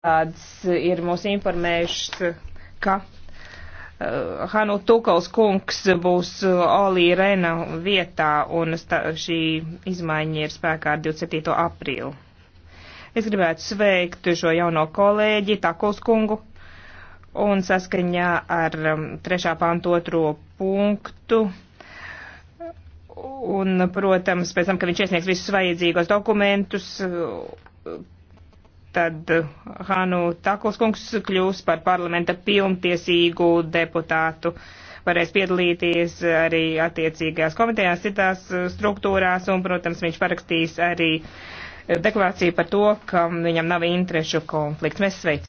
tādas ir mūs informējušas, ka uh, Hanu Tukals kungs būs eh, Olī Rena vietā, un šī izmaiņa ir spēkā 27. aprīlu. Es gribētu sveikt šo jauno kolēģi Takuls kungu, un saskaņā ar 3. Um, pantu otro punktu. Un, protams, pēc tam, ka viņš iesniegs visus vajadzīgos dokumentus, tad eh, Hanu Takulskungs kļūs par parlamenta pilntiesīgu deputātu. Varēs piedalīties arī attiecīgās komitejās, citās eh, struktūrās, un, protams, viņš parakstīs arī eh, deklarāciju par to, ka viņam nav interešu konflikts. Mēs sveicam!